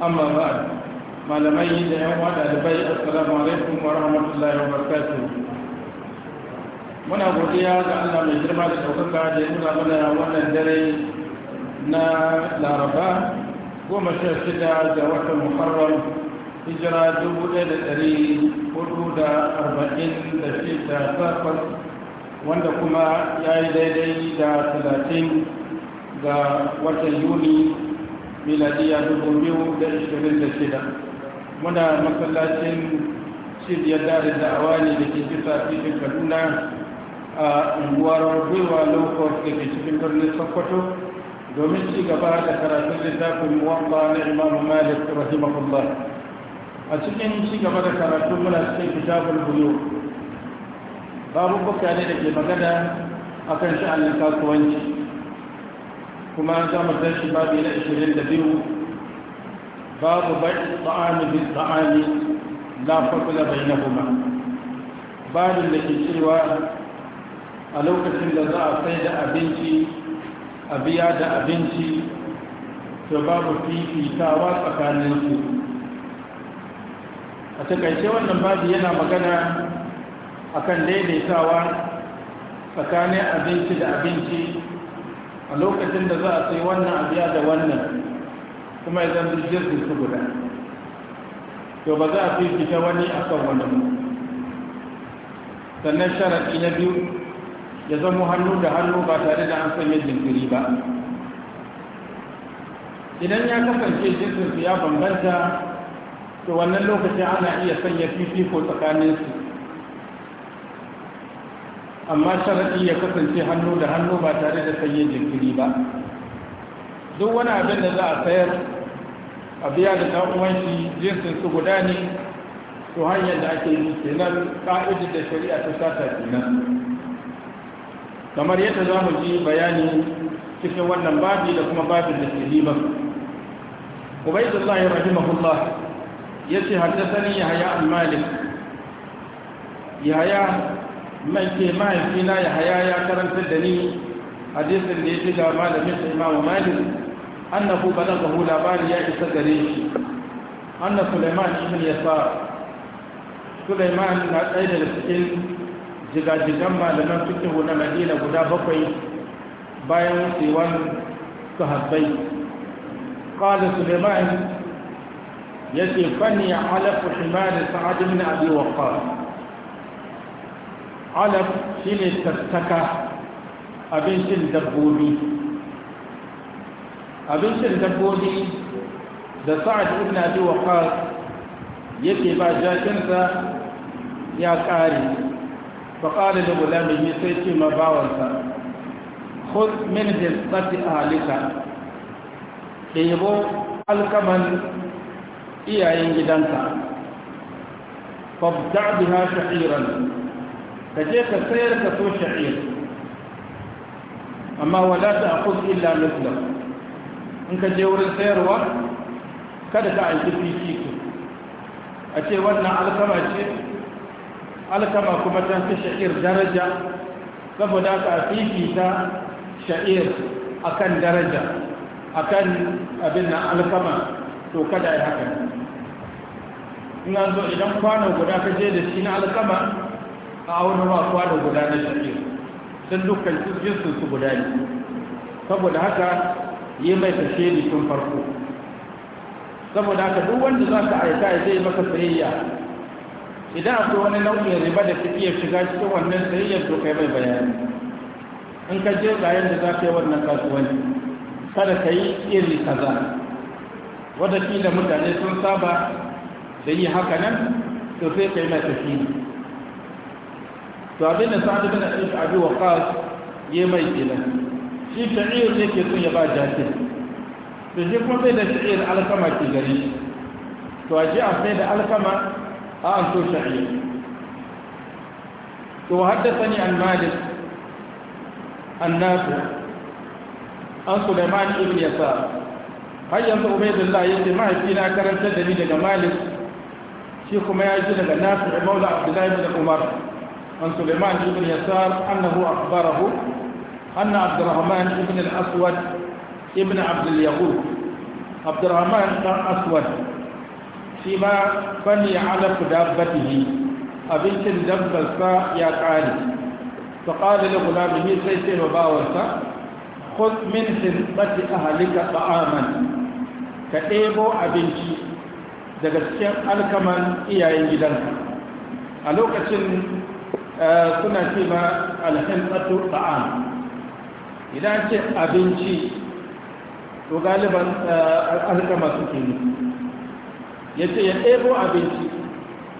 amma ba malamai da yan wada da bai assalamu alaikum wa rahmatullahi wa barakatuh muna godiya ga Allah mai girma da ɗaukaka da ya nuna mana wannan dare na laraba goma sha shida da watan muharram hijira dubu ɗaya da ɗari hudu da arba'in da shida takwas wanda kuma ya yi daidai da talatin ga watan yuni miladiya dubu biyu da ishirin da shida muna masallacin cibiyar darin da'awa ne da ke kisa cikin kaduna a unguwar gwiwa lokos da ke cikin birnin sokoto domin ci gaba da karatun littafin muwamba na imamu malik rahimahullah a cikin ci gaba da karatun muna cikin kitabul buyu babu ne da ke magana akan sha'anin kasuwanci kuma za mu tashi babi na 22 babu bai ta'ani bil ta'ani la na bainahuma babin da ke cewa a lokacin da za a sai da abinci a biya da abinci to babu fifitawa tsakanin su a takaice wannan babu yana magana akan daidaitawa tsakanin abinci da abinci a lokacin da za a sai wannan abiya da wannan kuma ya zan jirgin su guda to ba za a fi fita wani a kan wani sannan sharaɗi na biyu ya zama hannu da hannu ba tare da an sanya jinkiri ba idan ya kasance jinsinsu ya bambanta to wannan lokacin ana iya sanya fifiko tsakaninsu amma sharaɗi ya kasance hannu da hannu ba tare da sanye jinkiri ba duk wani abin da za a sayar a biya da ta'uwanci, jinsin su guda ne to hanyar da ake yi kenan ƙa'idar da shari'a ta sata kenan kamar yadda za mu ji bayani cikin wannan babi da kuma babin da ke liban ubaidullahi rahimahullah ya ce haddasani yahaya al-malik yahaya Mai ke mahaifina ya haya ya karantar da ni hadisin da ya ji ga malamin sa imamu malik annahu balaghahu labari ya isa gare shi anna sulaiman ibn sa. Suleiman na ɗaya daga cikin jigajigan malaman cikin na madina guda bakwai bayan wucewar su sahabbai qala sulaiman yace fanni alafu himar sa'ad ibn abi waqqas alaf shi ne tattaka abincin dabbobi abincin dabbobi da sa'ad ibn abi waqas yake ba jakinsa ya kare fa qala li gulamihi sai ce ma bawansa khud min hisati ahlika ɗebo alkaman iyayen gidanka fabda biha ka je ka sayar ka so sha'ir amma wala ta akus illa misla in ka je wurin sayarwa kada ka aiki fifi ku a ce wannan alkama ce alkama kuma ta fi sha'ir daraja saboda ka fifi ta sha'ir akan daraja akan abin na alkama to kada ya haka in an zo idan kwano guda ka je da shi na alkama a auren rasuwa da gudanar na sun dukkan jinsun su guda saboda haka yi mai tashe ne tun farko saboda haka duk wanda za ka aika ya zai maka sayayya idan akwai wani nau'in riba da ka iya shiga cikin wannan sayayyar to kai mai bayani in ka je ga da za ka yi wannan kasuwanci kada ka yi iri kaza wadda kila mutane sun saba da yi haka nan to sai ka yi mai tafiya to abin da sa'ad bin abi waqas ya mai kenan shi ta'ir ne ke son ya ba jati to shi kuma bai da sha'ir alkama ke gari to a shi amfani da alkama a an so ta'ir to haddasa ni an malik an nafi an suleiman ibn yasa har yanzu ubaidullah ya ce mahaifina karantar da ni daga malik shi kuma ya ji daga nafi maula abdullahi bin umar عن سليمان بن يسار أنه أخبره أن عبد الرحمن بن الأسود ابن عبد اليهود عبد الرحمن بن أسود فيما بني على دابته أبنت دبسا يا قالي فقال لغلامه سيسير وباورسا خذ من حنطة أهلك طعاما كتيبو أبنتي daga cikin alkaman iyayen gidanka a lokacin suna eh, ce ma alhamdulillah ta'am idan ce abinci to galiban eh, alkama suke ne ya ce ya ɗebo abinci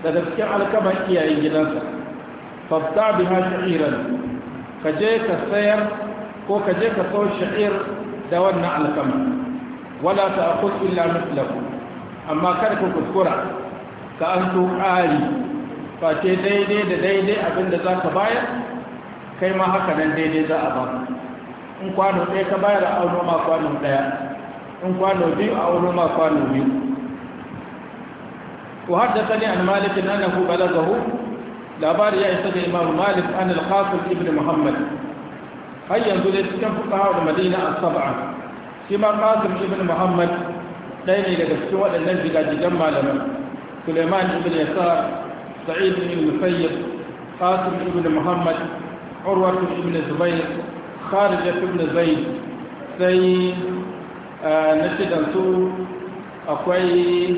daga cikin alkaman iyayen gidansa fafta bi ha sha'iran ka je ka sayar ko ka je ka sau sha'ir da wannan alkama wala ta akwai illa mutlaku amma kar ku kuskura ka an to ƙari face daidai da daidai abinda za ka bayar kai ma haka nan daidai za a ba in kwano ɗaya ka bayar a auno ma kwano ɗaya in kwano biyu a auno ma kwano biyu وحدثني عن مالك أنه بلغه labari ya isa da imamu malik an alkhasul ibn muhammad har yanzu dai cikin fukaha da madina a saba'a shi ma qasim ibn muhammad ɗaya ne daga cikin waɗannan jigajigan malaman suleiman ibn yasar سعيد بن المسيب قاسم بن محمد عروة بن الزبير خارجة بن زيد سي آه، نشد أنسو أخوي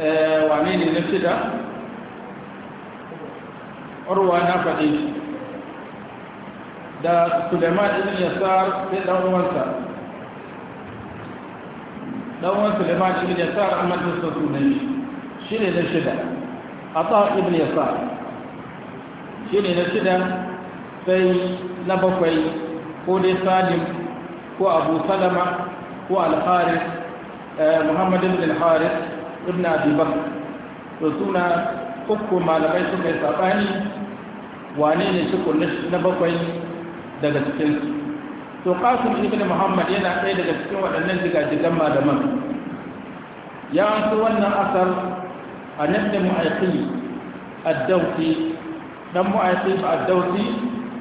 آه، وعنيني نشد عروة نافذي دا سليمان بن يسار سيد أولوانسا دا سليمان بن يسار أحمد بن سلطان شيل الشدة ata ibn yasar shine na shida sai na bakwai ko dai salim ko abu salama ko al-haris eh, muhammad ibn al-haris ibn abi to suna uku malamai suka yi sabani wane ne shi na bakwai daga cikin to qasim ibn muhammad yana ɗaya daga cikin waɗannan jigajigan malaman ya so wannan asar أن ابن معيقي الدوسي دم معيقي الدوسي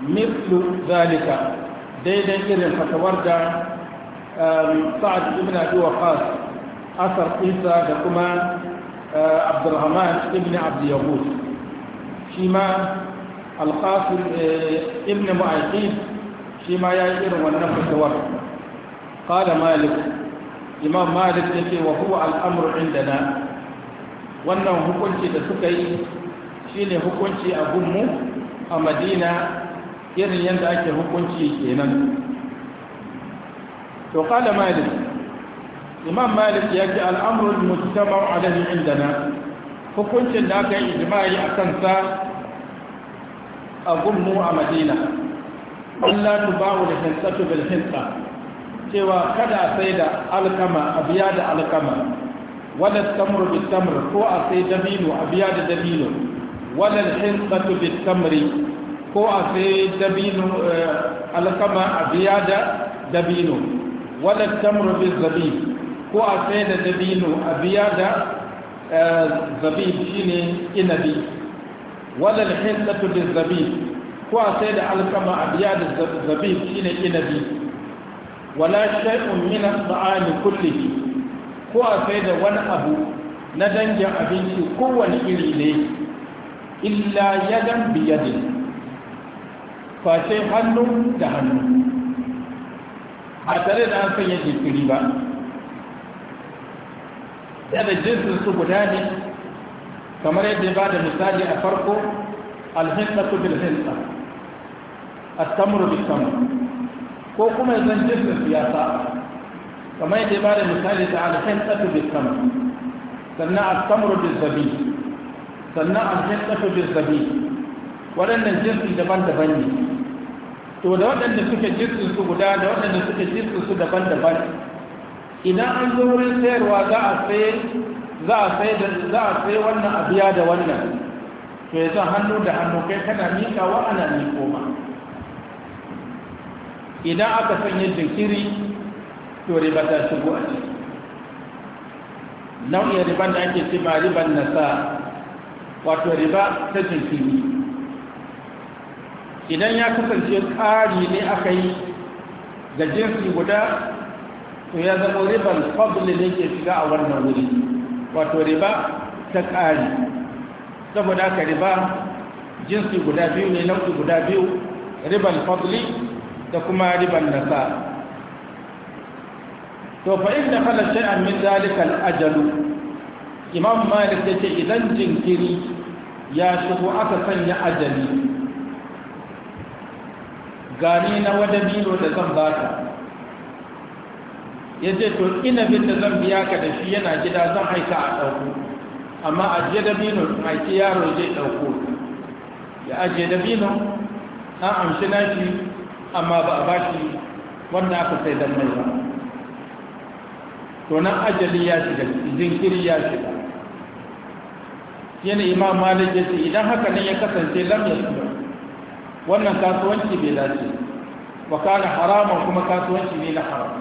مثل ذلك ديدا إذن فتورد سعد بن أبي وقاص أثر عيسى دكما عبد الرحمن ابن عبد يغوث فيما القاسم ابن معيقيب فيما يائر والنفس ورد قال مالك الامام مالك يقول وهو الأمر عندنا wannan hukunci da suka yi ne hukunci a gunmu a madina irin yadda ake hukunci kenan to kala malik imam malik ya ce al'amurin musamman alaihi indana hukuncin da aka yi ijimai a kansa a gunmu a madina Allah tu ba'u da hinsatu bil hinsa cewa kada sai da alkama a biya da alkama wadda tamru bi tamr ko a sai dabino a biya da dabino wadda hinsatu bi tamri ko a sai dabino alkama a biya da dabino wadda tamru bi zabi ko a sai da dabino a biya da zabi shine inabi wadda hinsatu bi zabi ko a sai da alkama a biya da zabi shine inabi wala shay'un min at-ta'ami kullihi ko a sai da wani abu na dangin abinci kowane iri ne illa yadan biyadin face hannu da hannu a tare da an sanya jikiri ba da jinsin su guda ne kamar yadda ba da misali a farko alhinta su bilhinta a samuru bisamuru ko kuma yanzu jinsin siyasa kamar yadda ba da misali ta alhin tsatu bil kamar sannan al-kamru bil zabi sannan alhin tsatu bil zabi waɗannan jinsi daban-daban ne to da waɗanda suke jinsin su guda da waɗanda suke jinsin su daban-daban idan an zo wurin sayarwa za a sai za a saye da za a saye wannan abiya da wannan to yanzu hannu da hannu kai kana mika wa ana miko ma idan aka sanya jinkiri to riba ta shigo a ciki nau'in riban da ake cima riban nasa wato riba ta jinkiri idan ya kasance ƙari ne aka yi ga jinsi guda to ya zama riban fabulin ne ke shiga a wannan wuri wato riba ta ƙari saboda aka riba jinsi guda biyu ne nau'i guda biyu riban fadli da kuma riban nasa to fa in da kala shay'an min zalikal ajalu imam malik yace idan jinkiri ya shigo aka sanya ajali gani na wada milo da zan baka ya ce to bin da zan biya ka da shi yana gida zan aika a ɗauko amma ajiye da bino aiki yaro zai ɗauko ya ajiye da bino an amshi nashi amma ba a bashi wanda aka sai don mai ba to nan ajali ya shiga jinkiri ya shiga yana imam malik ya ce idan haka ne ya kasance lam ya shiga wannan kasuwanci bai dace wa kana harama kuma kasuwanci ne na haram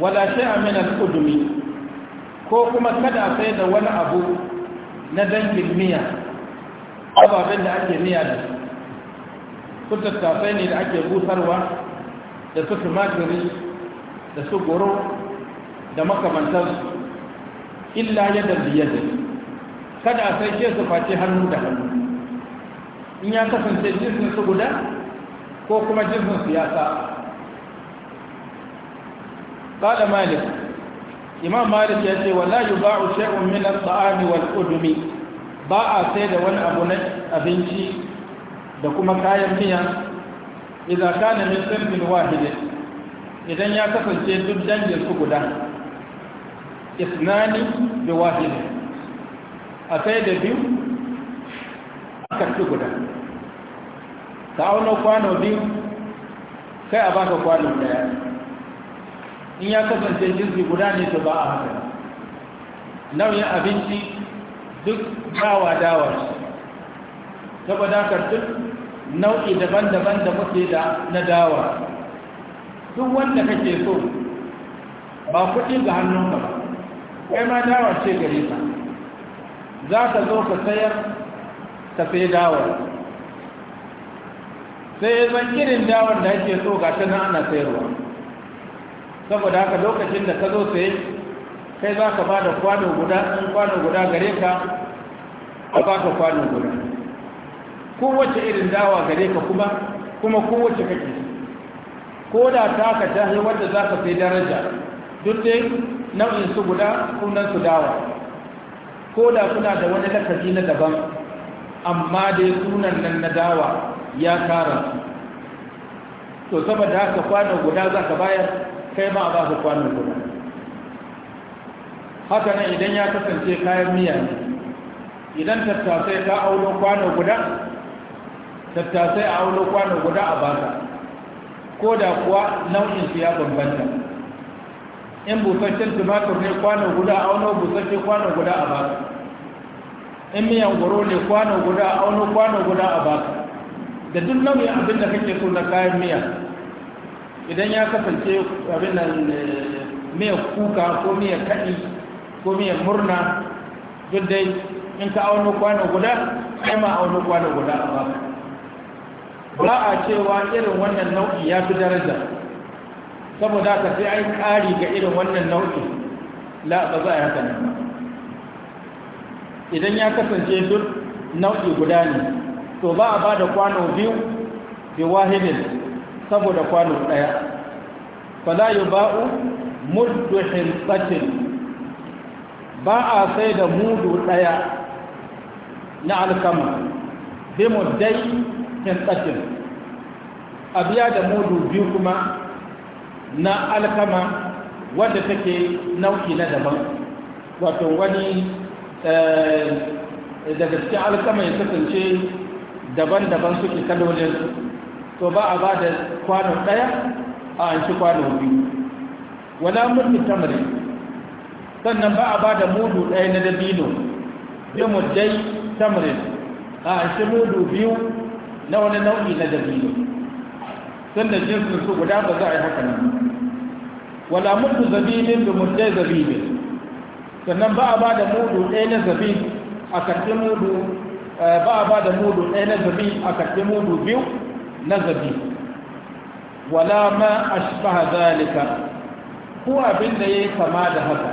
wala shay'a min al-udmi ko kuma kada sai da wani abu na dangin miya ababen da ake miya da su tattafai ne da ake busarwa da su tumatiri da su goro da makamantarsu illa yadda da kada a sai su face hannu da hannu in ya kasance jinsin su guda ko kuma jinsin su ya sa malik imam malik ya ce wala yi ba'u min at-ta'ami wal udmi ba a sai da wani abu na abinci da kuma kayan miya idan kana min sinfin wahidin idan ya kasance duk dangin su guda isnani da wahidi kai da biyu aka ci guda ka auna kwano biyu kai a baka kwano daya in ya kasance jinsi guda ne to ba a haka nauyin abinci duk dawa dawa saboda ka duk nau'i daban-daban da muke da na dawa duk wanda kake so ba kuɗi ga hannunka ba kai ma dawa ce gare ka za ka zo ka sayar ka sai dawar sai ya zan irin dawar da ake so ga ta nan ana sayarwa saboda haka lokacin da ka zo sai kai za ka ba da kwano guda in kwano guda gare ka a ba ka kwano guda kowace irin dawa gare ka kuma kuma kowace kake ko da taka ta hanyar wanda za ka fi daraja duk dai nau'in su guda kunan su dawa ko da suna da wani lakabi na daban amma dai sunan nan na dawa ya tara to saboda haka kwanan guda za ka bayar kai ma ba su kwanan guda haka nan idan ya kasance kayan miya ne idan tattasai ka aulo kwanan guda tattasai a aulo kwanan guda a baka ko da kuwa nau'in su ya bambanta in busasshen tumatur ne kwano guda a auno busasshe kwano guda a baka in miyan goro ne kwano guda a auno kwano guda a baka da duk nau'in abin da kake so na kayan miya idan ya kasance abin nan eh, miyan kuka ko miyan kaɗi ko miyan murna duk dai in ka auno kwano guda kai ma auno kwano guda a baka ba a cewa irin wannan nau'i ya fi daraja saboda ka sai an ƙari ga irin wannan nau'i la ba za a yi haka ba idan ya kasance duk nau'i guda ne to ba a ba da kwano biyu bi wahidin saboda kwano ɗaya fala yi ba'u mudduhin tsakin ba a sai da mudu ɗaya na alkama bi dai. hintatin a biya da mudu biyu kuma na alkama wadda take nauki na daban wato wani eh, daga cikin alkama ya kasance daban-daban suke kalolin to ba a ba da kwano ɗaya a an shi kwano biyu wala mulki tamari sannan ba a ba da mudu ɗaya na dabino bi mu dai tamarin a an shi mudu biyu na wani nau'i na dabino tun da jinsin su guda ba za a yi haka nan wala mutu zabibin da mutai zabibin sannan ba a ba da mudu ɗaya na zabib a karɓi mudu eh, ba a ba da mudu ɗaya na zabi a karɓi mudu biyu na zabi. wala ma ashbaha zalika ko abin da ya yi kama da haka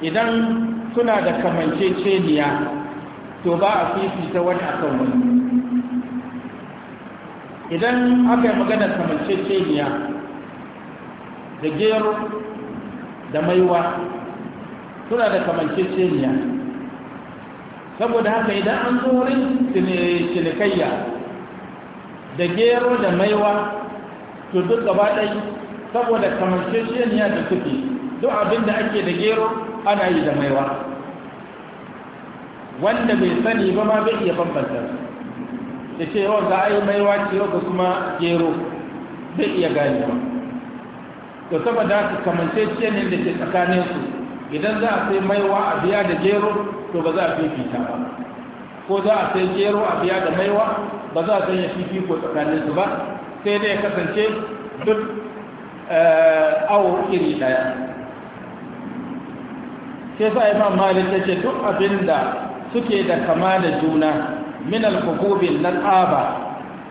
idan suna da kamanceceniya to ba a fifita wani akan wani idan aka yi magana niya da gero da maiwa suna da niya saboda haka idan an zo wurin cinikayya da gero da maiwa to duk gaba ɗai saboda niya da suke duk abin da ake da gero ana yi da maiwa wanda bai sani ba ma bai iya bambanta su Da ce yawan oh, za a yi maiwa ce yau ga kuma gero zai iya gani ba to saboda su kamance ce ne da ke tsakanin su idan za a sai maiwa a biya da gero to ba za a fifita ba ko za a sai gero a biya da maiwa ba za a sanya ko tsakanin su ba sai dai ya kasance duk eh, awo iri daya sai sa imam malik ya ce duk abin da suke da kama da juna min al-hububin nan aba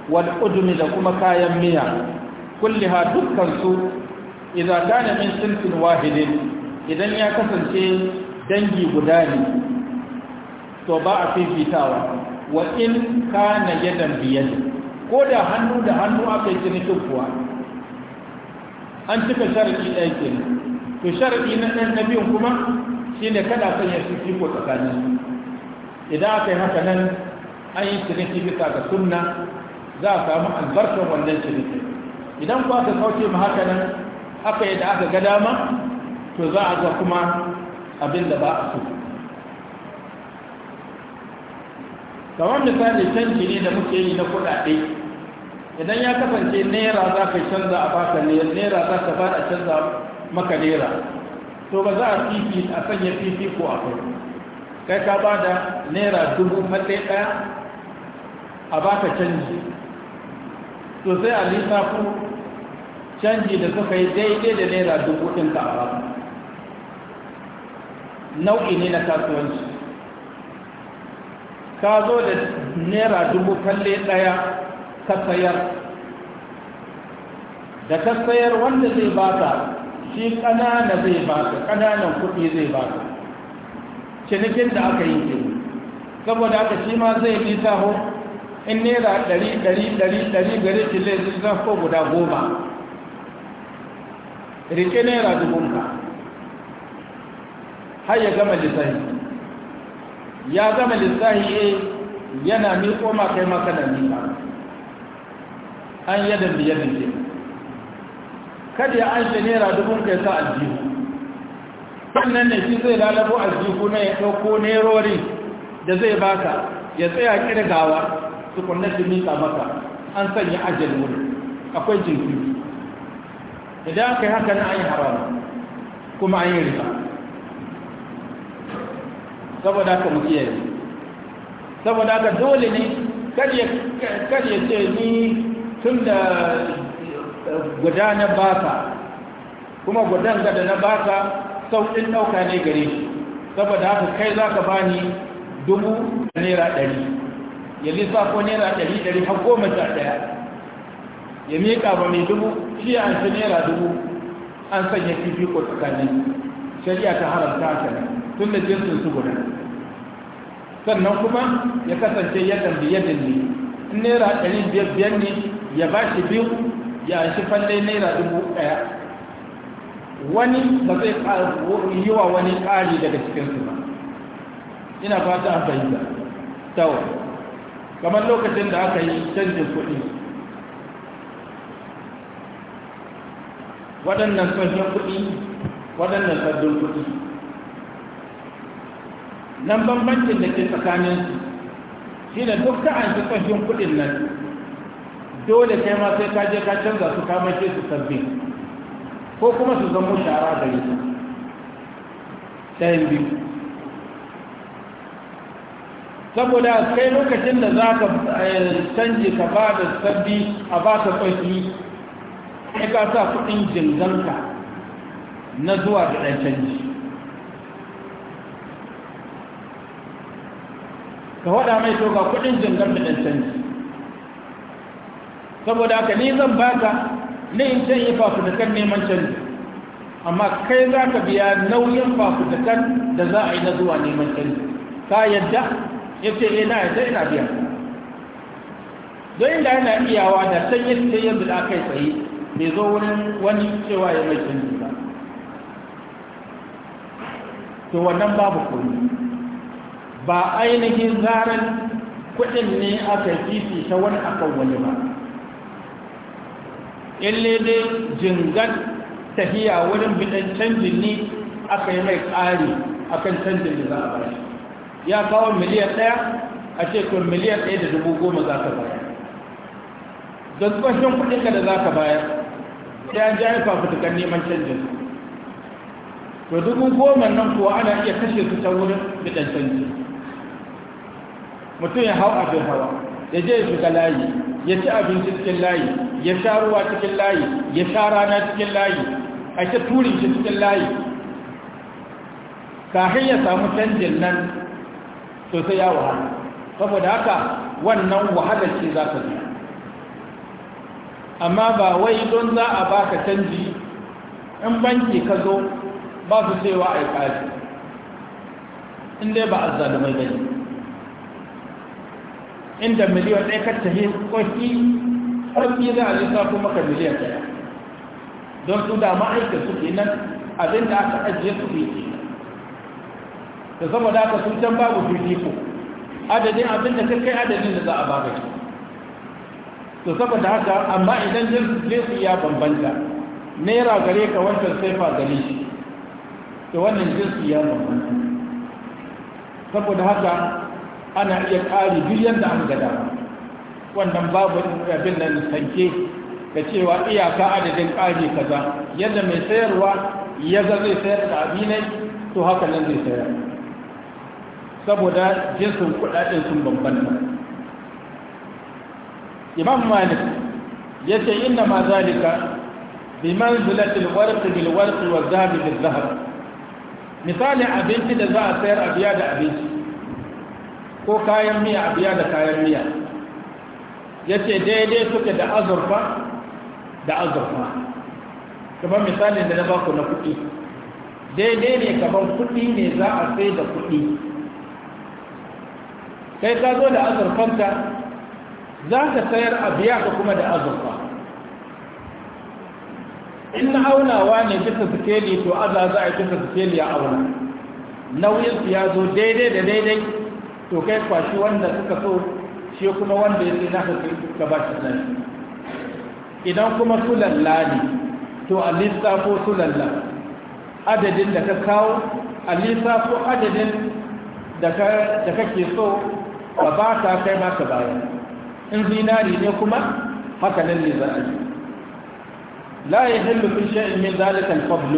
wal udumi da kuma kayan miya kulliha dukkan su idza kana min sinfin wahidin idan ya kasance dangi guda ne to ba a fifitawa wa in kana yadan biyadi ko da hannu da hannu aka yi cinikin kuwa an cika sharadi ɗaya to sharadi na ɗan na biyun kuma shi ne kada son ya fi fiko tsakanin idan aka yi haka nan an yi ciniki bisa ga sunna za a samu albarkar wannan ciniki idan ku aka sauke mu haka nan aka yi da aka ga dama to za a ga kuma abin da ba a so kamar misali canji ne da muke yi na kuɗaɗe idan ya kasance naira za ka canza a baka naira za ka fara canza maka naira to ba za a fifi a sanya fifi ko a kai kai ka ba da naira dubu matsayi ɗaya a baka canji to sai a lissafu canji da suka yi daidai da naira dubu ɗin a ramu nau'i ne na kasuwanci ka zo da naira dubu kalle ɗaya ka sayar da ka sayar wanda zai baka shi ƙanana zai baka ƙananan kuɗi zai baka cinikin da aka yi ke saboda aka shi ma zai fi taho in naira ɗari ɗari ɗari ɗari gare ki laifin zan ko guda goma rike naira dubun ba har ya gama lissahi ya gama lissahi ya eh, yana miƙo ma kai maka da miƙa an yadda biyar da ke kada ya an shi naira dubun kai sa aljihu Wannan ne shi zai lalabo aljihu na ya ɗauko nerori da zai baka ya tsaya ƙirgawa kwanne da mika maka an sanya ajal wuri akwai jinkiri idan aka yi haka na an yi haram kuma an yi riba saboda aka mu kiyaye saboda aka dole ne kar ce ni tun da eh, guda na baka kuma gudan gada na baka ɗin ɗauka ne gare shi saboda haka kai za ka bani dubu naira ɗari ya lissafo nera ɗari ɗari har goma sha ɗaya ya miƙa ba mai dubu shi an shi nera dubu an sanya ko tsakanin shari'a ta haramta ta tun da jinsin su guda sannan kuma ya kasance yadda biyadin ne in ɗari biyar biyar ne ya ba shi biyu ya shi falle nera dubu ɗaya wani ba zai yi wa wani ƙari daga cikinsu ba ina fata an fahimta tawa kamar lokacin da aka yi canjin kuɗi waɗannan tsohon kuɗi waɗannan sabbin kuɗi nan bambancin da ke tsakaninsu shi ne duk ka an tsohon kuɗin nan dole kai ma sai ka je ka canza su kamashe su sabbin ko kuma su zama shara da yi yin biyu saboda kai lokacin da za ka eh, canji ka ba da sabbi a ba ka kwafi ya ka sa kudin jinganka na zuwa da ɗan canji ka waɗa mai to kudin jingar da ɗan canji saboda haka ni zan baka ne in can yi neman canji amma kai za ka biya nauyin fafutukan da za a yi na zuwa neman canji ka yadda ya ce ina eh, yadda ina biya don inda yana iyawa da san yadda ya da kai tsaye mai zo wurin wani cewa ya mai canji ba to wannan babu koyi ba ainihin zaren kudin ne aka fifi ta wani akan wani ba ille dai jingan tafiya wurin bidan canjin ne aka yi mai ƙari akan canjin da a bashi ya kawo miliyan ɗaya a shekar miliyan ɗaya da dubu goma za ka bayar da tsubashin kuɗinka da za ka bayar sai an jami fafutukan neman canjin to dubu goma nan kuwa ana iya kashe su ta wurin bidan canji mutum ya hau abin hawa ya je ya shiga layi ya ci abinci cikin layi ya sha ruwa cikin layi ya sha rana cikin layi a ce turin shi cikin layi kafin ya samu canjin nan to ya wahala saboda haka wannan wahalar ce za ka zo. amma ba wai don za a baka canji in banki ka zo ba su cewa a yi ƙari in dai ba a zalumai gani inda miliyan ɗaya ka tafi ƙoƙi ƙarfi za a lissa kuma ka miliyan ɗaya don su da ma'aikata suke nan abinda aka ajiye su ke da saboda haka sun can babu fifiko adadin abin da kai adadin da za a baka to saboda haka amma idan jinsi ya bambanta naira gare ka wancan sai fa gare shi to wannan jinsi ya bambanta saboda haka ana iya ƙari biyan da an gada wannan babu abin nan sanke da cewa iyaka adadin ƙari kaza yadda mai sayarwa ya ga zai sayar da abinai to haka nan zai sayar saboda jinsin kudaden sun bambanta imam malik ya ce inna ma zalika bi manzilatil warqi bil warqi wa zahabi bil zahab misali abinci da za a sayar a biya da abinci ko kayan miya a biya da kayan miya ya ce daidai suke da azurfa da azurfa kamar misalin da na baku na kuɗi daidai ne kamar kuɗi ne za a sai da kuɗi kai ka zo da azurfanta za ka sayar a biya ka kuma da azurfa in na aunawa ne kisa sikeli to aza za a kisa sikeli a auna nauyin su ya zo daidai da daidai to kai kwashi wanda suka so shi kuma wanda ya ka kai ka ba shi nan idan kuma su lalla ne to a lissafo su lalla adadin da ka kawo a lissafo adadin da kake so ka ba ta kai ma ka bayar in zinari ne kuma haka nan ne za a yi la ya hillu fi shay'in min zalika al-fadl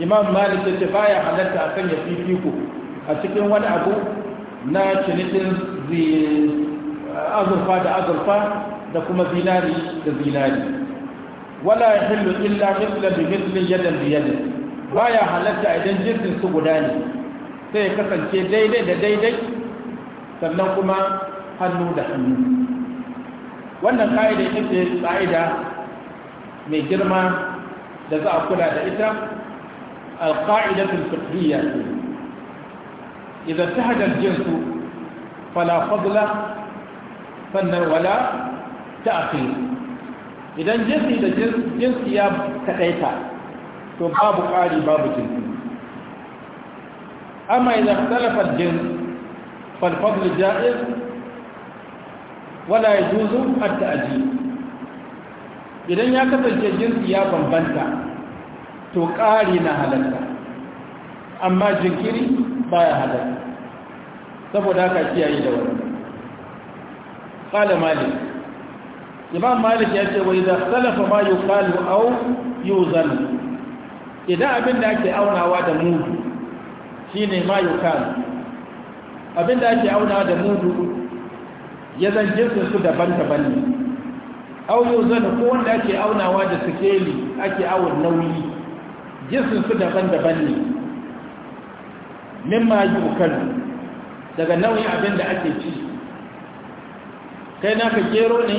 imam malik yace baya halatta akan ya fifiko a cikin wani abu na cinikin zi azurfa da azurfa da kuma zinari da zinari wala ya hillu illa mithla bi mithli yadan bi Ba ya halatta idan jinsin su guda ne sai ya kasance daidai da daidai sannan kuma hannu da hannu wannan ka'ida ita ce ka'ida mai girma da za a kula da ita alƙa'idatul fiqhiyya ce idan ta hadar jinsu fala sannan wala ta'khir idan jinsi da jinsi ya kaɗaita to babu ƙari babu jinsi amma idan talafar jinsu. فالفضل جائز ولا يجوز التأجيل idan ya kasance jinsi ya bambanta to ƙari na halatta amma jinkiri baya halatta saboda haka kiyaye da wani ƙala malik malik ya ce wai da salafa ma yi ƙalu au yuzan idan abin da ake aunawa da mudu shine ma yi ƙalu Abin da ake auna da mudu ya zan jinsin su daban-daban ne auyo zan ko wanda ake aunawa da sikeli ake awon nauyi jinsin su daban-daban ne min yi ukalu daga nauyin abinda ake ci kai ka gero ne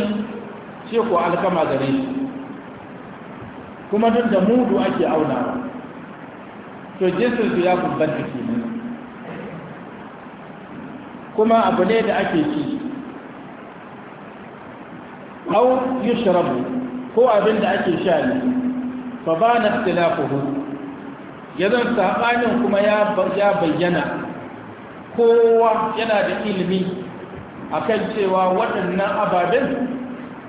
ce ko alkama gare shi kuma duk da mudu ake aunawa to jinsin su ya kubban kenan kuma abu ne da ake ci au yushrabu ko abin da ake sha ne fa bana ikhtilafuhu yadan saɓanin kuma ya bayyana kowa yana da ilimi akan cewa waɗannan ababen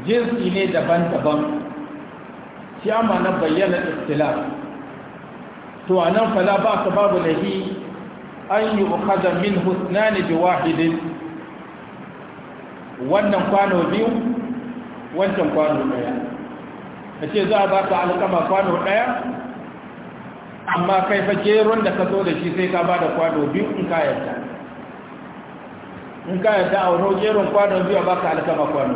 jinsi ne daban-daban shi na bayyana ikhtilaf to nan fala ba su babu lahi an yi ukhadha min husnani bi wahidin wannan kwano biyu wancan kwano daya ce za a ba ka alkama kwano daya amma kai fa jeron da ka zo da shi sai ka ba da kwano biyu in ka yarda in ka yarda a wani jeron kwano biyu a ba ka alkama kwano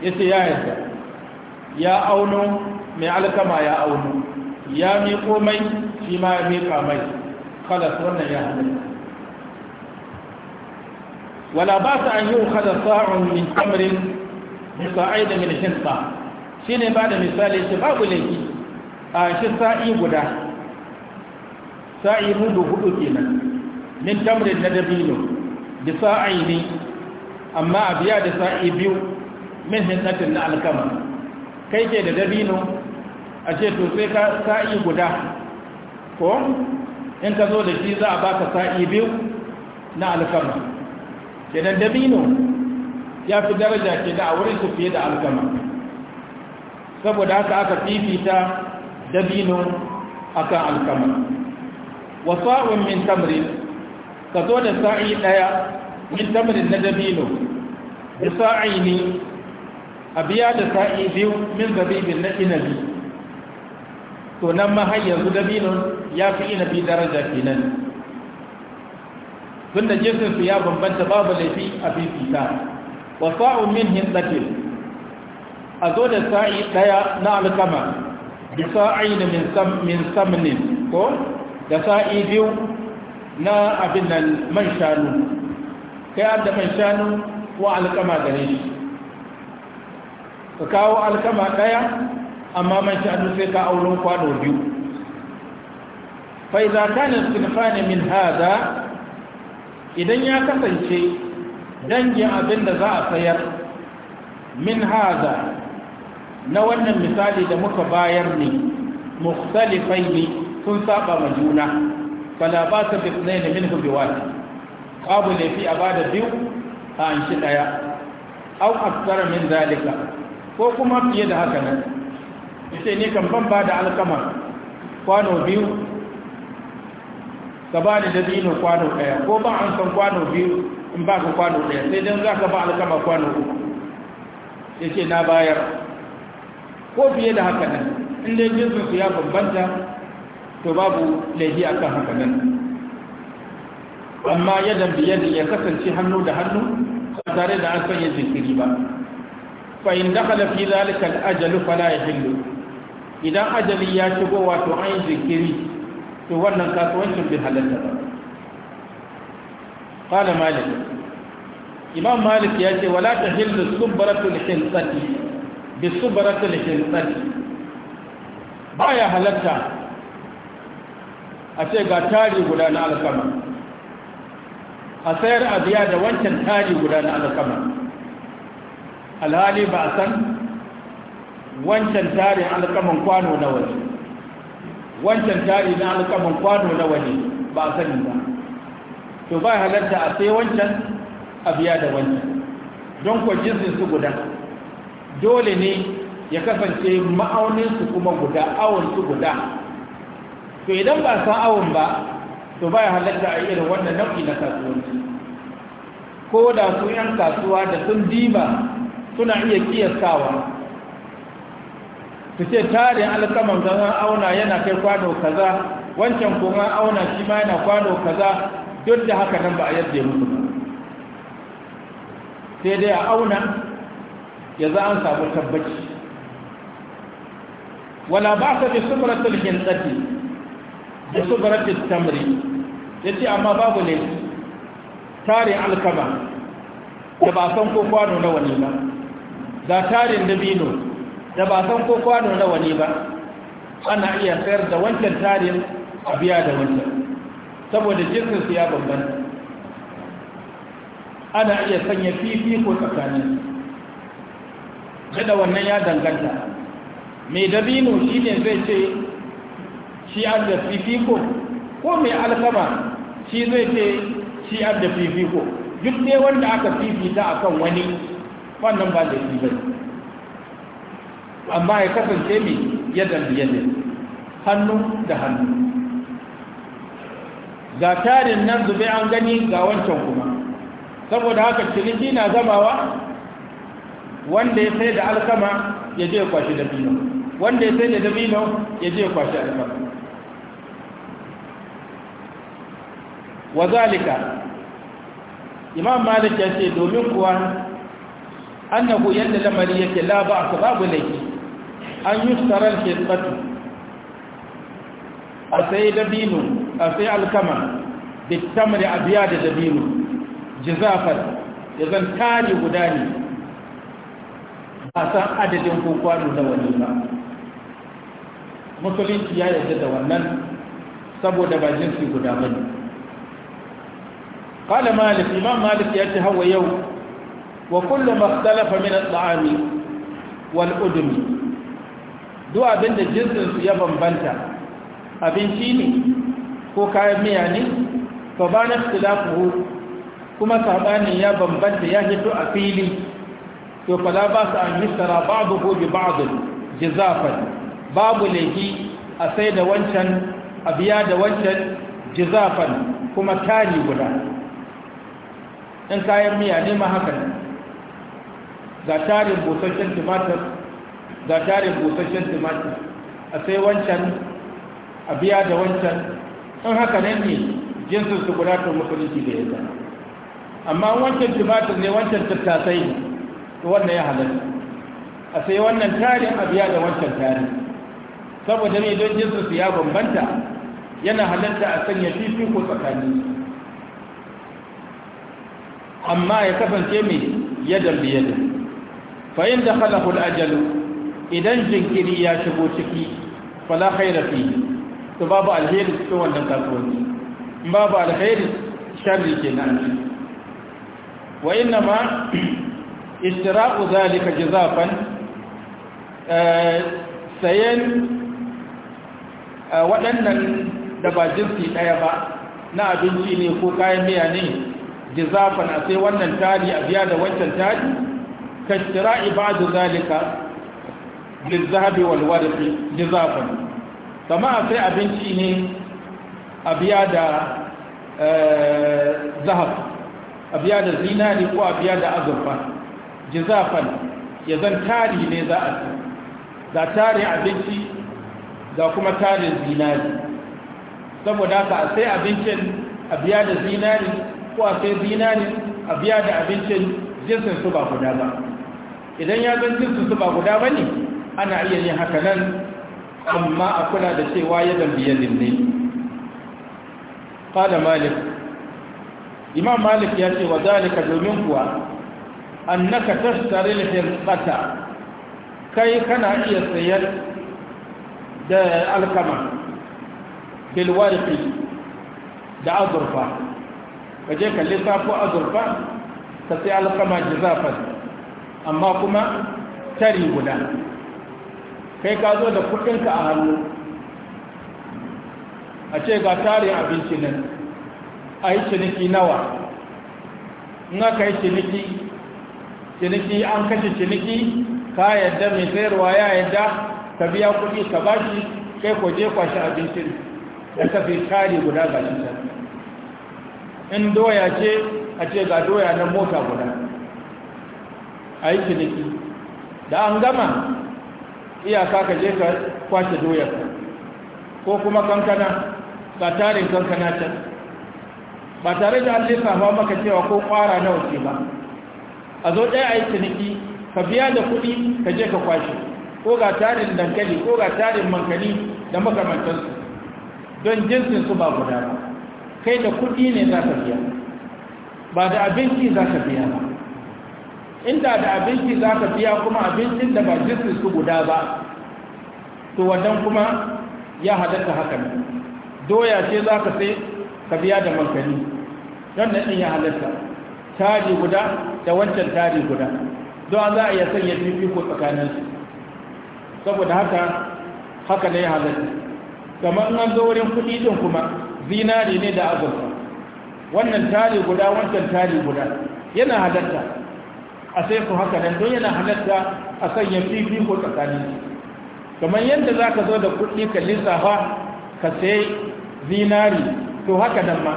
daya ce ya yarda ya auno mai alkama ya auno ya miƙo mai shi ma ya miƙa mai kalas wannan ya haɗu wala ba su an yi kada sa'un min kamarin misa'ai da min hinsa shi ne ba da misali shi babu laifi a shi sa'i guda sa'i mudu hudu kenan min tamrin na dabino da sa'ai ne amma a biya da sa'i biyu min hinsatin na alkama kai ke da dabino a ce to sai ka sa'i guda ko in ka zo da shi za a baka sa'i biyu na alkama kenan dabino ya fi daraja ke da a wurin su fiye da alkama saboda haka aka fifita dabino akan alkama wasa'un min tamrin ka zo da sa'i ɗaya min tamrin na dabino da sa'i ne a biya da sa'i biyu min zabibin na inabi to nan ma har yanzu dabinon ya fi inabi daraja kenan tunda jinsinsu ya bambanta babu laifi a fifita wa sa'un min hindatin a zo da sa'i daya na alkama da sa'i da min samnin ko da sa'i biyu na abin nan man shanu kai an da man shanu wa alkama gare shi ka kawo alkama daya amma man shanu sai ka auren kwano biyu faiza kanin sinfani min haza idan ya kasance dangin abin da za a sayar min haza na wannan misali da muka bayar ne mukhtalifai ne sun saba ma juna fala ba ta fi tsaye min hubiwati babu laifi a bada biyu a an shi ɗaya au aksara min zalika ko kuma fiye da haka nan yace ne kan ban ba da alkama kwano biyu ka ba da dabino kwano ɗaya ko ba an san kwano biyu in ba ka kwano ɗaya sai dan za ka ba alƙama kwano uku yace na bayar ko fiye da haka nan in dai su ya bambanta to babu laifi kan haka nan amma yadan biyadin ya kasance hannu da hannu tare da an sanya jinkiri ba fa in dakhala fi zalika al-ajal fala yahillu idan ajali ya shigo wato an yi jinkiri to wannan kasuwancin bai halatta ba qala malik imam malik ya ce wala ta tahillu subratul hinsati bi subratul Ba ya halatta a ce ga tari guda na alkama a sayar a biya da wancan tari guda na alkama alhali ba a san wancan tarin kaman kwano na waje wancan tari na kaman kwano na waje ba a sani ba to ba halatta a sai wancan a biya da wancan don kwa jinsin su guda dole ne ya kasance ma'aunin su kuma guda awon su guda to idan ba san awon ba to ba halatta a irin wannan nau'i na kasuwanci ko da su yan kasuwa da sun diba suna iya kiyasawa ku ce tarin alkaman zan auna yana kai kwano kaza wancan kuma auna shi ma yana kwano kaza duk da haka nan ba a yadda musu ba sai dai a auna ya za an samu tabbaci wala ba sa bi subratul hintsati da subratul tamri yace amma babu ne tarin alkama da ba san ko kwano nawa ne ba da tarin dabino da ba san ko kwano nawa ne ba ana iya sayar da wancan tarin a biya da wancan saboda jinsin su ya bambanta ana iya sanya fifiko tsakanin jada wannan ya danganta mai dabino shi ne zai ce shi an da fifiko ko mai alkama shi zai ce shi an da fifiko duk ne wanda aka fifita akan wani wannan ba da fifi bane amma ya kasance mai yadda biyadda hannu da hannu ga tarin nan zube an gani ga wancan kuma saboda haka ciniki na zamawa wanda ya sai da alkama ya je kwashi da bino wanda ya sai da dabino ya je kwashi alkama wa zalika imam malik ya ce domin kuwa annahu yadda lamari yake la ba babu laifi an yi tsaron hetsatu a sai dabino a sai alkama da tamari a biya da dabino jizafar ya zan tari guda ne ba san adadin kokwanu da wani ba musulunci ya yi da wannan saboda ba jinsi guda ba ne ya ci إمام yau. Wa kullum يوم وكل ما اختلف من الطعام والأدم duk abin da jinsinsu ya bambanta abinci ne ko kayan miya ne ba ba na filafuhu kuma saɓanin ya bambanta ya hito a fili to fala ba su an mistara babu gobe ba'adun jizafan babu laifi a sai da wancan a da wancan jizafan kuma tari guda in kayan miya ne ma haka ga tarin busasshen tumatir ga tarin busasshen tumatir a sai wancan a biya da wancan in haka nan ne jinsin su guda ta musulunci da ya zama. amma wancan tumatir ne wancan tattasai ne to wannan ya halar a sai wannan tarin a biya da wancan tarin saboda ne don jinsin su ya bambanta yana halarta a sanya ko tsakani amma ya kasance mai yadan biyadda fa yin da al ajalu idan jinkiri ya shigo ciki fala khaira fi to babu alheri cikin wannan kasuwanci babu alheri sharri kenan wa inna ma istira'u zalika jazafan eh, sayan eh, waɗannan da ba jinsi ɗaya ba na abinci ne ko kayan miya ne jazafan a sai wannan tari a biya da wancan tari ka shira ibadu zalika lizahabi walwarfi jizafin sama sai abinci ne a biya da zahab a biya da zinari ko a biya da azurfa jizafan ya zan tari ne za a ci da tari abinci da kuma tari zinari saboda ka sai abincin a biya da zinari ko a sai zinari a biya da abincin jinsin su ba guda ba idan ya zan jinsin su ba guda ba ne ana iya yin haka nan amma a kula da cewa ya dambiye ne kada malik imam malik ya ce wa zalika domin kuwa annaka tashtari al-hirqata kai kana iya sayar da alkama bil da azurfa kaje kalli lissafo azurfa ka sai alkama jizafan amma kuma tari guda kai ka zo da kudinka a hannu a ce ga tarin abinci nan a yi ciniki nawa in aka yi ciniki ciniki an kashe ciniki ka yadda mai sayarwa ya yadda ka biya kudi ka bashi kai ko je kwashe abincin da ka fi tari guda ga in doya ce a ce ga doya na mota guda a yi ciniki da an gama iyaka ka je ka kwace doyar ko kuma kankana ka tarin kankana can ba tare da an lissafa maka cewa ko kwara nawa ce ba a zo ɗaya a yi ciniki ka biya da kuɗi ka je ka kwashe ko ga tarin dankali ko ga tarin mankani da makamantansu don jinsin su ba guda ba kai da kuɗi ne za ka biya ba da abinci za ka biya ba inda da abinci za ka biya kuma abincin da ba jinsin su guda ba to wannan kuma ya halatta ne, doya ce za ka sai ka biya da mankani don na ya halatta tari guda da wancan tari guda don za a iya sanya fifiko tsakaninsu saboda haka haka ne ya halatta kamar an zo wurin kuɗi din kuma zinari ne da azurfa wannan tari guda wancan tari guda yana halatta a sai ku haka nan don yana halatta a sanya ko tsakanin kamar yadda za ka zo da kuɗi ka lissafa ka sai zinari to haka nan ma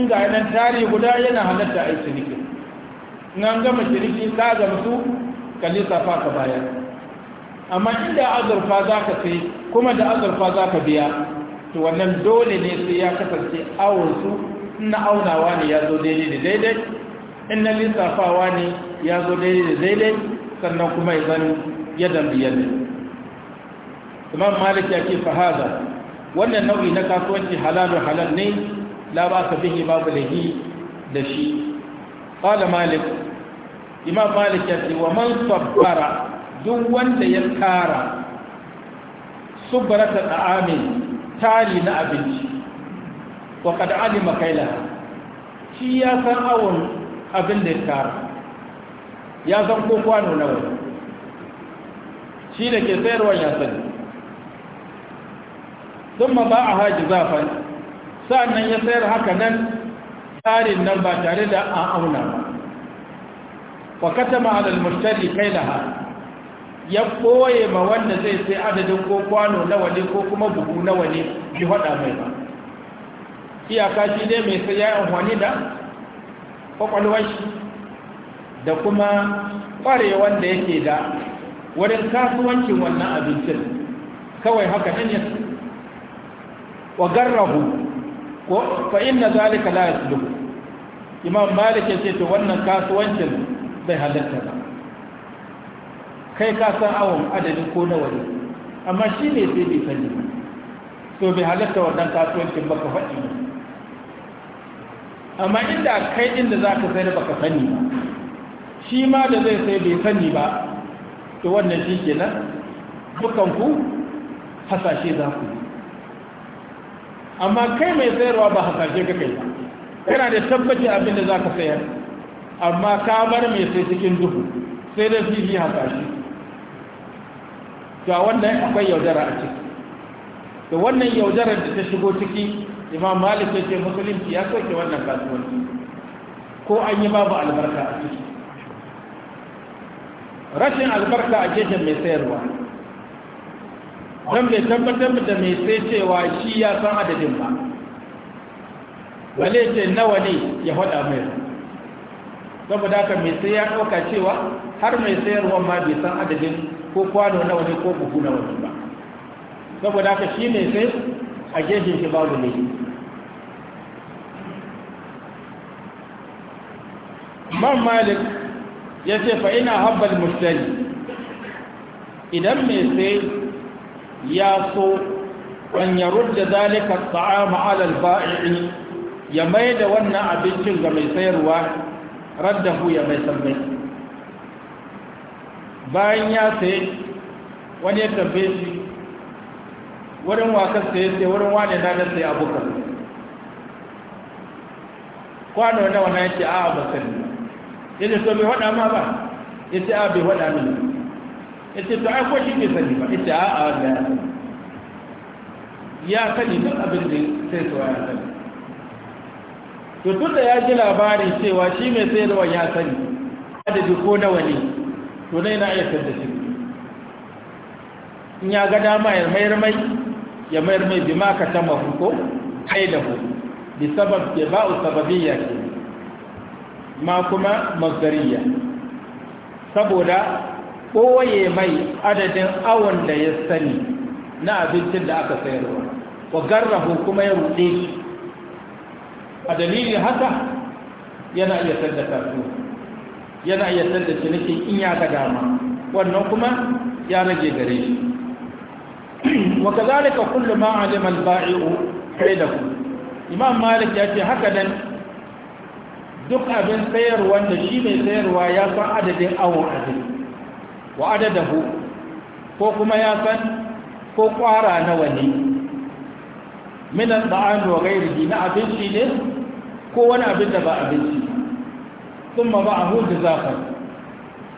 in ga yanar tari guda yana halatta a yi ciniki an gama ciniki ka gamsu ka lissafa ka bayar amma inda azurfa za ka sai kuma da azurfa za ka biya to wannan dole ne sai ya kasance awon su na aunawa ne ya zo daidai da daidai in na lissafawa ne ya zo daidai da daidai sannan kuma ya zan yadda biyar ne imam malik ya ce fahaza wannan nau'i na kasuwanci halalun halal ne la ba ka bihi babu lahi da shi qala malik imam malik ya ce wa man sabbara duk wanda ya kara subarata da'amin tali na abinci wa kad alima kaila shi ya san awon abin da ya ya san ko kwano nawa shi da ke sayarwa ya sani sun ma ba a haji zafan sa'annan ya sayar haka nan tsarin nan ba tare da an auna ba fakata ma'adar mushtari kai laha ya koye ma wanda zai sai adadin ko kwano nawa ne ko kuma buhu nawa ne bi hada mai ba iyaka shi ne mai sai ya yi amfani da kwakwalwar shi da kuma ƙwarewar da yake da wurin kasuwancin wannan abincin kawai haka ne ya wa garrahu ko fa inna zalika la yasluh imam malik yace to wannan kasuwancin bai halatta ba kai ka san awon adadin ko nawa ne amma shine sai bai sani to bai halatta wannan kasuwancin ba ka faɗi ba? amma inda kai inda za ka sai da baka sani ba shi ma da zai sai bai sani ba to wannan shi ke nan dukanku hasashe za ku amma kai mai sayarwa ba hasashe ka kai ba kana da tabbaci abin da za ka sayar amma ka bar mai sai cikin duhu sai da fifi hasashe to a wannan akwai yaudara a ciki to wannan yaudarar da ta shigo ciki imam malik ya ce musulunci ya soke wannan kasuwanci ko an yi babu albarka a ciki rashin albarka a gefen mai sayarwa don bai tabbatar da mai sai cewa shi ya san adadin ba wale ce nawa ne ya hada mai saboda ka mai sai ya ɗauka cewa har mai sayarwa ma bai san adadin ko kwano nawa ne ko buhu nawa ne ba saboda ka shi mai sai a gefen shi babu ne man malik ya ce fa ina habbal mustari idan mai sai ya so an ya rudda zalika ta'ama alal ba'i ya mai da wannan abincin ga mai sayarwa raddahu ya mai sabbai bayan ya sai wani ya tabbe wurin wasan sai sai wurin wane na nan sai abokan kwano na wannan yake a ba sani yace so bai wada ma ba yace a bai wada mini yace to ai ko shi ke sani ba yace a a da ya sani duk abin da sai to ya sani to duk da ya ji labari cewa shi mai sayarwa ya sani adadi ko nawa ne to na yana iya shi in ya ga dama ya mayar mai ya mayar mai bi ma ka tama ko haidahu bi sabab ke ba'u sababiyya ke ma kuma mazdariya saboda ɓoye mai adadin awon da ya sani na abincin da aka sayarwa wa garrahu kuma ya ruɗe shi a dalilin haka yana iya sanda tasu yana iya sanda cinikin in ya ga dama wannan kuma ya rage gare shi wa kazalika kullu ma alima al-ba'i'u kaidahu imam malik ya ce haka nan duk abin sayarwa wanda shi mai sayarwa ya san adadin awon abin wa adadahu ko kuma ya san ko kwara nawa ne minan da'an wa gairihi na abinci ne ko wani abin da ba abinci sun ba a hudu zafar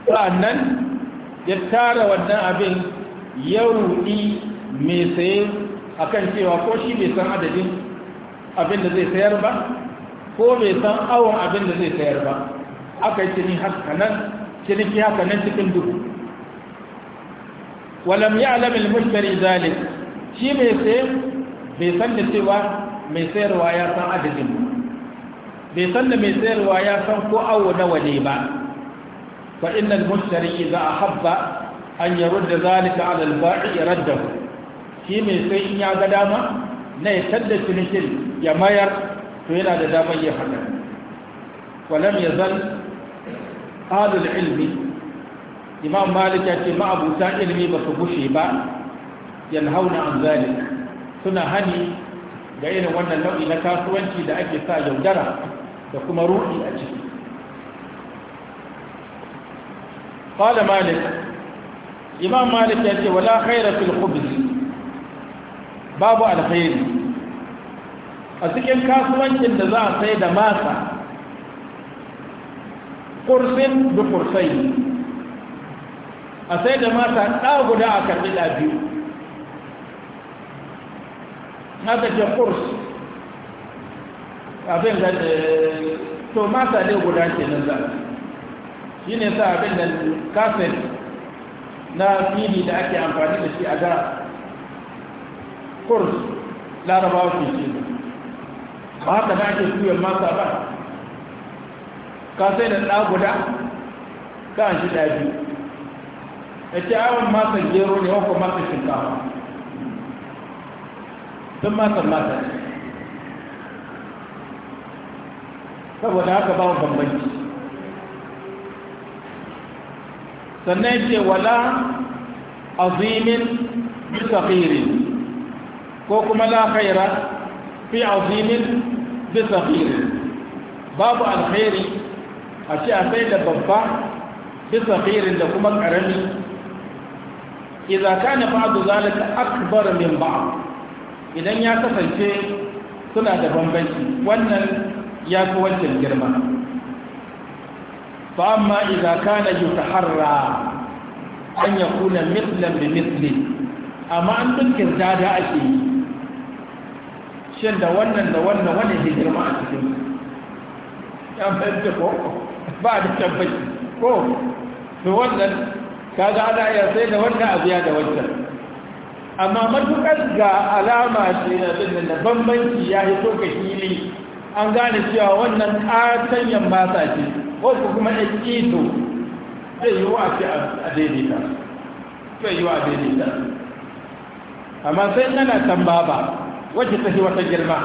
sa'annan ya tara wannan abin ya ruɗi mai saye a kan cewa ko shi bai san adadin abin da zai sayar ba ko bai san awon abin da zai sayar ba aka yi cini haka nan ciniki haka nan cikin duhu walam ya alamin mushtari zalik shi mai saye bai san da cewa mai sayarwa ya san adadin bai san da mai sayarwa ya san ko awo na ne ba fa innal mushtari a habba an yi yarudda zalika ala al-ba'i raddahu shi mai sai in ya ga dama na ya tadda cinikin ya mayar to yana da damar ya haka walam ya zan alul ilmi imam malik ya ce ma'abuta ilmi ba su gushe ba yanhauna an zalik suna hani ga irin wannan nau'i na kasuwanci da ake sa yaudara da kuma ruɗi a ciki قال مالك إمام مالك يقول ولا خير في الخبز babu alkhairi a cikin kasuwancin da za a sai da masa kursin da kursai a sai da mata ɗa guda a karbi ɗa biyu da ce kurs abin da eh, to mata ne guda ke nan za shi ne sa abin da kafin na fili da ake amfani da shi a gara kurs larabawa ke ce ba haka na ake tuyon masa ba ka sai da ɗa guda ka an shi ɗa biyu ya ce awon masa gero ne wakon masa shinkafa don masa masa ne saboda haka ba bambanci sannan ce wala azimin bisa ƙirin ko kuma la khaira fi azimin bi saghir babu alkhairi a ce a sai da babba bi saghirin da kuma karami idza kana ba'du zalika akbar min ba'd idan ya kasance suna da bambanci wannan ya fi wancan girma fa amma idza kana yutaharra an yakuna mithlan bi mithli amma an dukkan dada ake yi shin da wannan da wannan wani ke girma a cikin ya fahimta ko ba da tabbaci ko to wannan ga ana iya sai da wannan a biya da wancan amma matukar ga alama ce na dinnan da bambanci ya yi so ka hili an gane cewa wannan ƙasan yamma ta ce wasu kuma ya ƙito zai yi wa ce a daidaita zai yi wa daidaita amma sai nana tambaba. ba wacce ta fi wata girma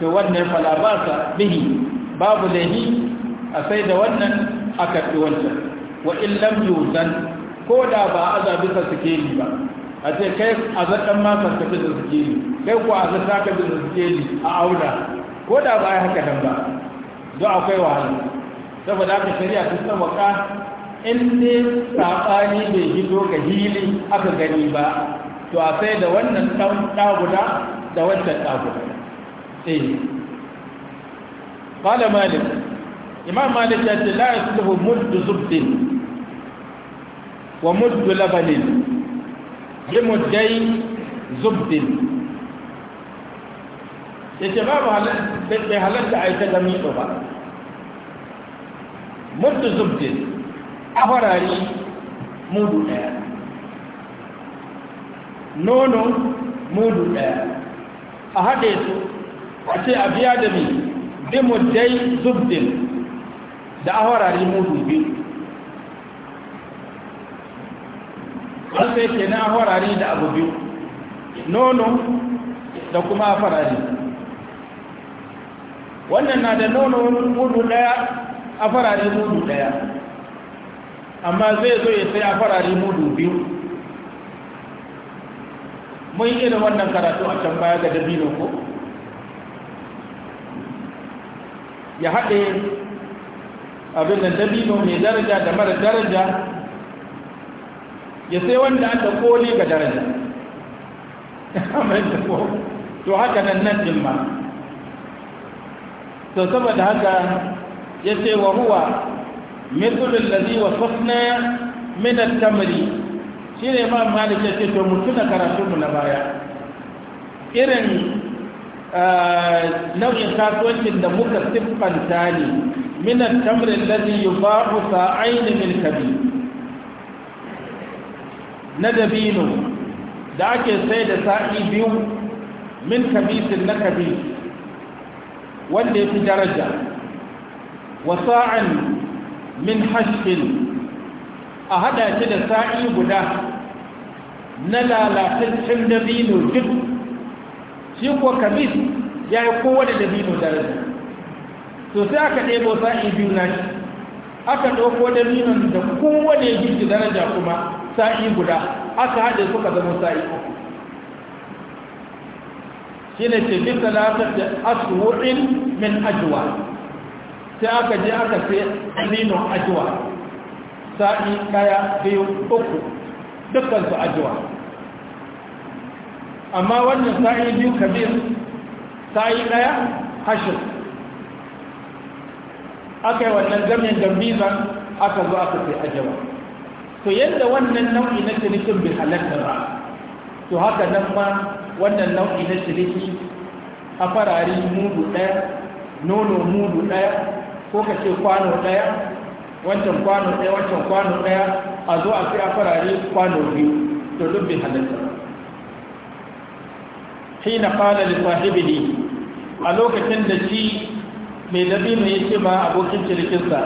to wannan falabasa bihi babu lahi a sai da wannan a karɓi wancan wa illam yuzan ko da ba aza bisa sikeli ba a ce kai a ɗan masar ka bisa sikeli kai ko a ta ka bisa sikeli a auna ko da ba a yi haka nan ba don akwai wahala saboda haka shari'a ta tsawaka in ne saɓani bai hito ga hili aka gani ba to a sai da wannan ɗan guda da wancan ɗaguwa eh ƙwada malik imam malik ya ce la yasluhu muddu zubdin wa muddu labanin bi muddai zubdin ya ce ba bai halatta a ita gami ba muddu zubdin a farari mudu ɗaya nono mudu ɗaya a haɗe su a ce a biya da mi bi mu dai zubdin da awarari mudu biyu an sai ke na warari da abu biyu nono da kuma afarari wannan na da nono mudu ɗaya afarari mudu ɗaya amma zai zo ya sai afarari mudu biyu mun yi irin wannan karatu a can baya ga dabino ko ya haɗe abin da dabino mai daraja da mara daraja ya sai wanda an ɗauko ne ga daraja to haka nan nan din ma to saboda haka ya ce wa huwa mithlul ladhi wasafna min at-tamri shi ne ma malik ya ce to tuna karatunmu na baya irin eh, nau'in kasuwancin da muka siffanta ne minan tamrin ba yuba'u sa'aini min kabi na dabino da ake sai da sa'i biyu min kabisin na kabi wanda ya fi daraja wa sa'an min hashfin a hada shi da sa'i guda na lalataccen dabino duk shi kuwa kabis ya yi kowane dabino daraja to sai aka ɗebo sa'i biyu na shi aka ɗauko dabinon da kowane ya daraja kuma sa'i guda aka haɗe suka zama sa'i uku shi ne ce bisa lafar da aswu'in min ajiwa, sai aka je aka sai dabinon ajiwa. sa'i ɗaya biyu uku dukkan su addu'a amma wannan sa'i biyu kabir sa'i daya hashir aka yi wannan gamin gambizan aka zo aka sai ajawa to yadda wannan nau'i na cinikin bai halatta ba to haka nan ma wannan nau'i na ciniki a farari mudu ɗaya nono mudu ɗaya ko ka ce kwano ɗaya wancan kwano ɗaya wancan kwano ɗaya a zo a sai a farare kwano biyu to duk bai na fara da sahibi ne a lokacin da shi mai dabino ya ce ba abokin cinikinsa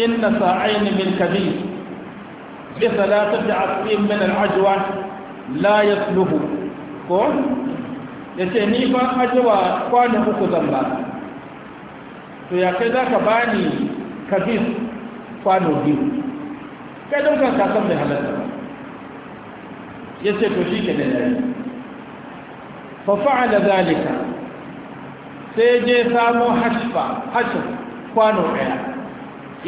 in sa'ayn min kabi bi salatati asirin min al'ajuwa la ya yasluhu ko ya ce ni ba ajiwa kwano uku zan ba to ya kai za zaka bani kabi kwano biyu kai don kan kasan mai halatta ya ce to shi ke nan yari fa fa'ala zalika sai je samo hashfa hashin kwano ɗaya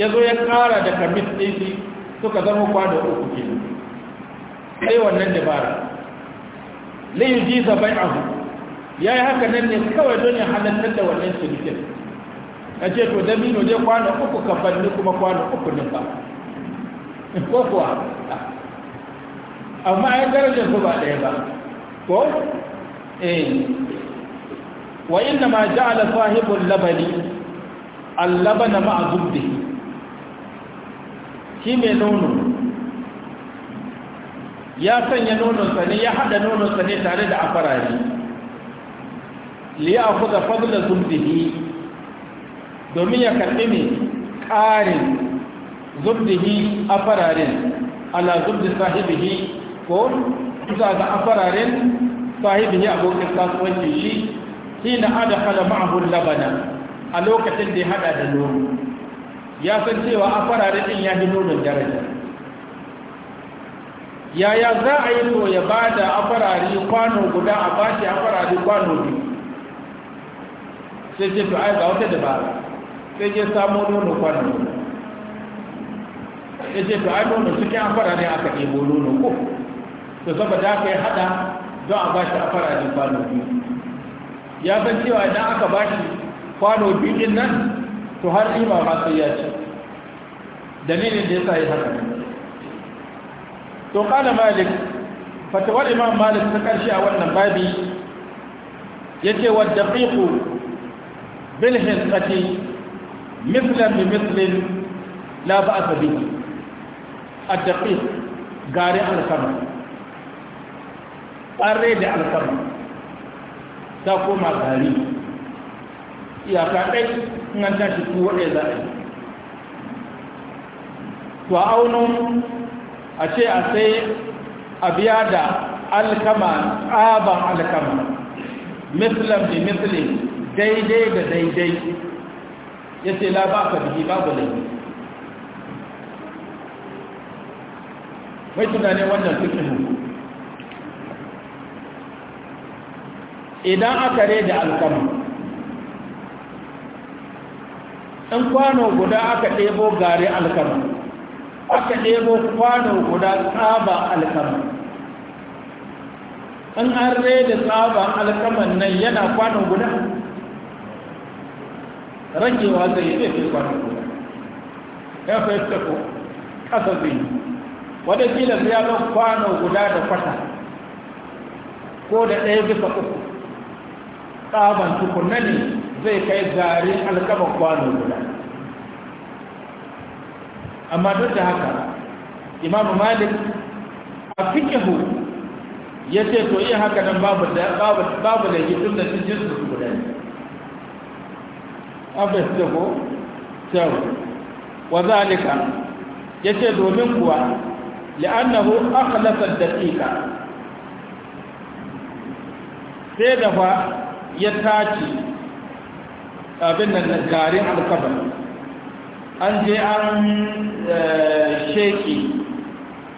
ya zo ya ƙara da kamis ɗin suka zama kwano uku ke sai wannan dabara lai ji zabai abu ya yi haka nan ne kawai don ya halatta da wannan shirkin a ce to dabino dai kwano uku kafanni kuma kwano uku ba ko kuwa amma ya darajar su ba ɗaya ba ko eh wa inna ma ja'ala sahibul labani allabana ma'a zubdi shi mai nono ya sanya nononsa sane ya hada nononsa sane tare da afarari liya ku da fadla zumbihi domin ya karɓi ne ƙarin zubdihi a fararen ala zubdi sahibihi ko za ga a fararin sahibihi abokin kasuwanci shi shi na kala ma'ahun labana a lokacin da ya hada da nono ya san cewa a fararen ɗin ya fi nonon daraja yaya za a yi so ya ba da a farari kwano guda a ba shi a farari kwano biyu sai ce to ai ga wata dabara sai je samo nono kwano guda ya ce to ai nono cikin afara ne aka ɗebo nono ko to saboda aka yi haɗa don a bashi afara ne kwano biyu ya san cewa idan aka bashi kwano biyu din nan to har ima ba sai ya ci dalilin da ya sa yi haka to kana malik fatawar imam malik ta karshe a wannan babi ya ce wa daƙiƙu bilhin tsaki mislan bi mislin la ba a sabi addaƙi gari alkama ɓarre da alkama ta koma gari iyaka ɗai nan tashi tuwa ɗaya za a to a aunin a ce a sai a biya da alkama tsaban alkama mislam da misli daidai da daidai ya ce la ba ka biyi babu laifi mai tunanin wannan fikihu idan aka reda alkama ɗan kwano guda aka ɗebo gari alkama aka ɗebo kwano guda tsaba alkama in an reda tsaban alkaman nan yana kwano guda rangewa zai yi kwano guda ya ko ƙasa zai yi wata kila sai ya zo kwano guda da kwata ko da ɗaya bisa uku tsaban tukunna ne zai kai garin alkaban kwano guda amma duk da haka imamu malik a hu ya ce to iya haka nan babu da babu da sun jinsu su guda ne da su ko cewa wa zalika ya ce domin kuwa li'annahu akhlasa daqiqa sai da ya tace abin nan garin alkabar an je an sheki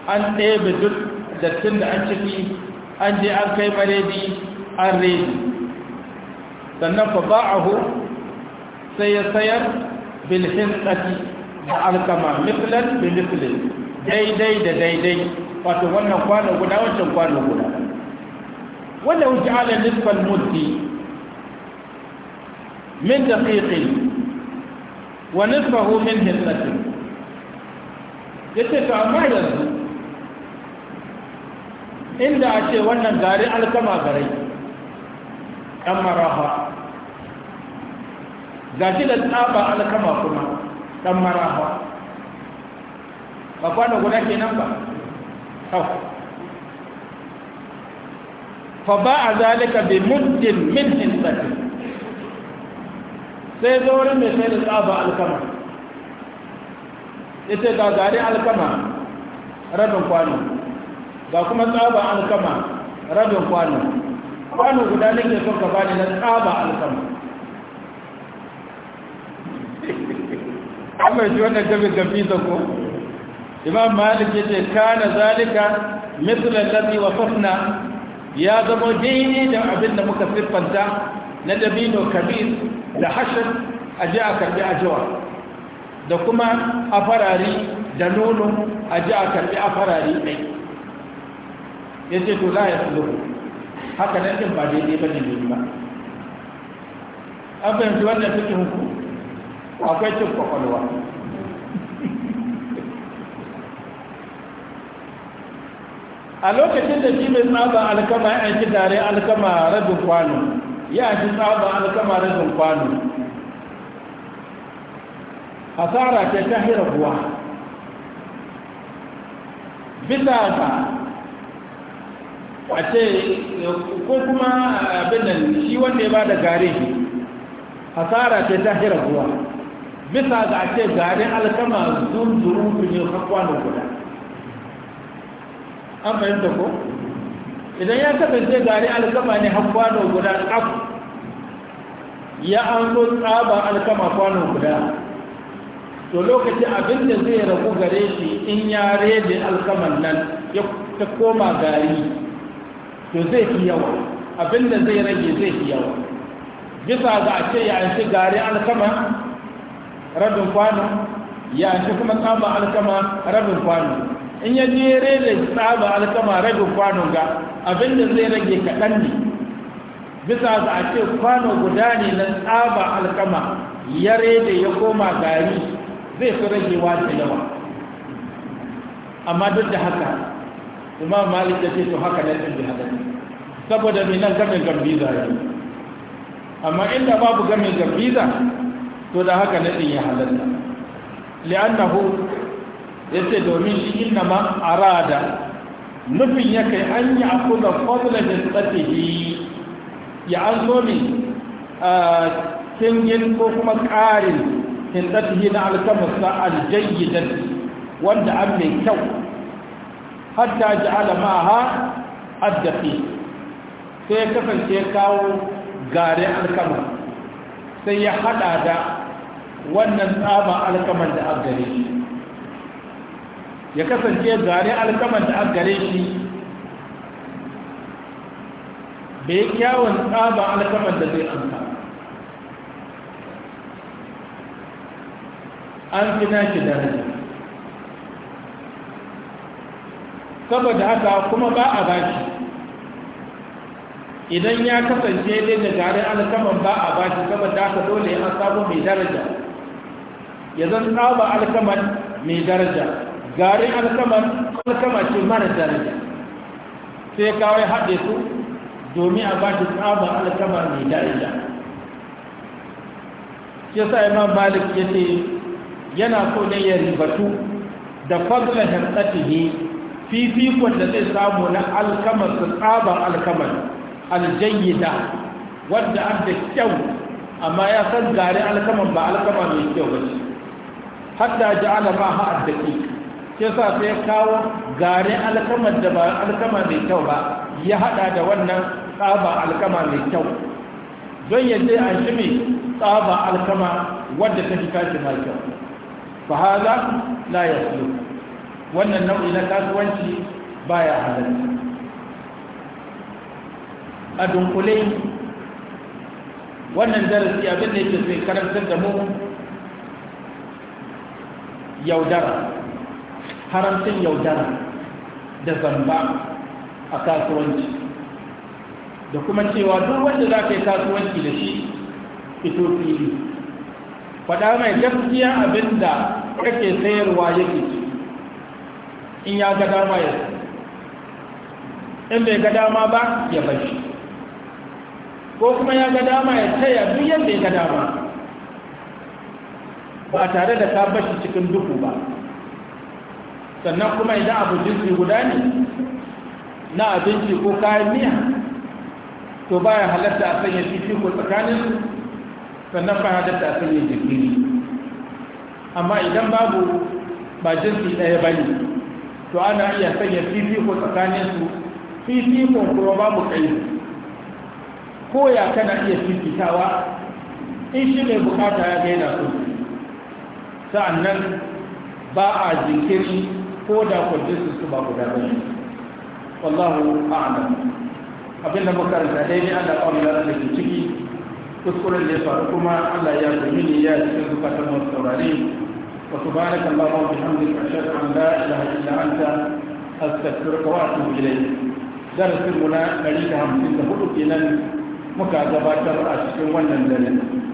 an ɗebe duk dattin da an ciki an je an kai maredi an redi sannan fa ba sai ya sayar bilhin ɗaki da alkama miflan biliflin daidai da daidai wato wannan kwano guda wancan kwano guda wanda wuce ala nisfal muddi min daqiqin wa nisfahu min hissatin yace to amma yanzu inda a ce wannan garin alkama garai ɗan maraha ga shi da tsaba alkama kuma ɗan maraha ba kwana guda kenan ba fa ba a zalika bi muddin min hinsati sai zo mai sai da tsaba alkama ita ga gari alkama rabin kwano ga kuma tsaba alkama rabin kwano kwano guda nake son ka bani na tsaba alkama amma shi wannan gabin gabi da ko imam malik ya ce kana zalika mithla wa wasafna ya zama daidai da abin da muka siffanta na dabino kabir da hashir a ji a karbi ajiwa. da kuma a farari da nono a ji a karbi a farari ɗai ya ce to la ya tsoro haka nan ɗin ba daidai ba ne ba an fahimci wannan cikin ku akwai cikin kwakwalwa a lokacin da shi mai tsaba alkama ya aiki tare alkama rabin kwano ya aiki tsaba alkama rabin kwano hasara ke ta hirabuwa bisa ga a ce ko kuma abin nan shi wanda ya ba da gare shi hasara ke ta hirabuwa bisa ga a ce gare alkama zuwa zuwa kwano guda an fahimta ko idan ya kasance gari alkama ne har kwano guda tsaf ya an zo tsaba alkama kwano guda to lokaci abin da zai ragu gare shi in ya rede alkaman nan ya ta koma gari to zai fi yawa abin da zai rage zai fi yawa bisa ga a ce ya an shi gari alkama rabin kwano ya an shi kuma tsaba alkama rabin kwano in ya je rere tsaba alkama rage kwano ga abinda zai rage kaɗan ne bisa ga a ce kwano guda ne na tsaba alkama ya rere ya koma gari zai fi ragewa da yawa amma duk da haka kuma malik da ce to haka na ɗin da saboda mai nan gamin gambiza ya amma inda babu gamin gambiza to da haka na ɗin ya halatta li'annahu ya ce domin shi inna ma arada nufin ya kai an yi akuna fadla tsatihi ya an zo min a ko kuma ƙarin hindatihi na alkamasa aljayyidan wanda an mai kyau hatta ji alamaha addafi sai ya kasance kawo gare alkama sai ya hada da wannan tsaba alkaman da abdare shi ya kasance gare alkaman da an gare shi bai kyawun tsaba alkaman da zai amfa. an fi shi daraja saboda haka kuma ba a bashi idan ya kasance dai da garin alkaman ba a bashi saboda haka dole ya samu mai daraja ya zan tsaba alkaman mai daraja garin alkama ce mara daraja sai kawai haɗe su domin a ba shi tsaba alkama mai daraja ke sa imam malik ya ce yana so ne ya ribatu da fadlan ne fifikon da zai samu na alkamar su tsaban alkamar aljayyida wadda an da kyau amma ya san garin alkaman ba alkama mai kyau ba ce hatta ji alama ha'ar da ƙi ke sa sai kawo gare alkamar da ba alkama mai kyau ba ya hada da wannan tsaba alkama mai kyau don ya ce an shi mai tsaba alkama wadda ta fi tashi mai kyau fahaza na ya wannan nau'i na kasuwanci ba ya halar a dunkule wannan darasi abin da yake sai karantar da mu yaudara haramcin yaudara da zamba a kasuwanci da kuma cewa duk wanda za ka yi kasuwanci da shi fito fili faɗa mai gaskiya abin da kake sayarwa yake in ya ga dama ya in bai ga dama ba ya bashi ko kuma ya ga dama ya taya duk yadda ya ga dama ba tare da ka bashi cikin duhu ba sannan kuma idan abu jinsi guda ne na abinci ko kayan miya to baya halatta a sanya ko tsakanin sannan baya halatta a sanya jirgin amma idan babu ba jinsi ɗaya ba ne to ana iya sanya ko tsakanin su, fifi ko kuma babu kai ko ya kana iya fifitawa in shi mai bukata ya gaida su sa'annan ba a jinkiri ko da kwandisun su ba guda ba ne wallahu a'lam abin da makaranta dai ne Allah ba mu da ke ciki kuskuren da ya faru kuma Allah ya gumi ne ya cikin zukatan masu taurari. wa su kan subhanaka allahumma wa bihamdika ashhadu an la ilaha illa anta astaghfiruka a atubu ilayk darasin mu na 154 kenan muka gabatar a cikin wannan dare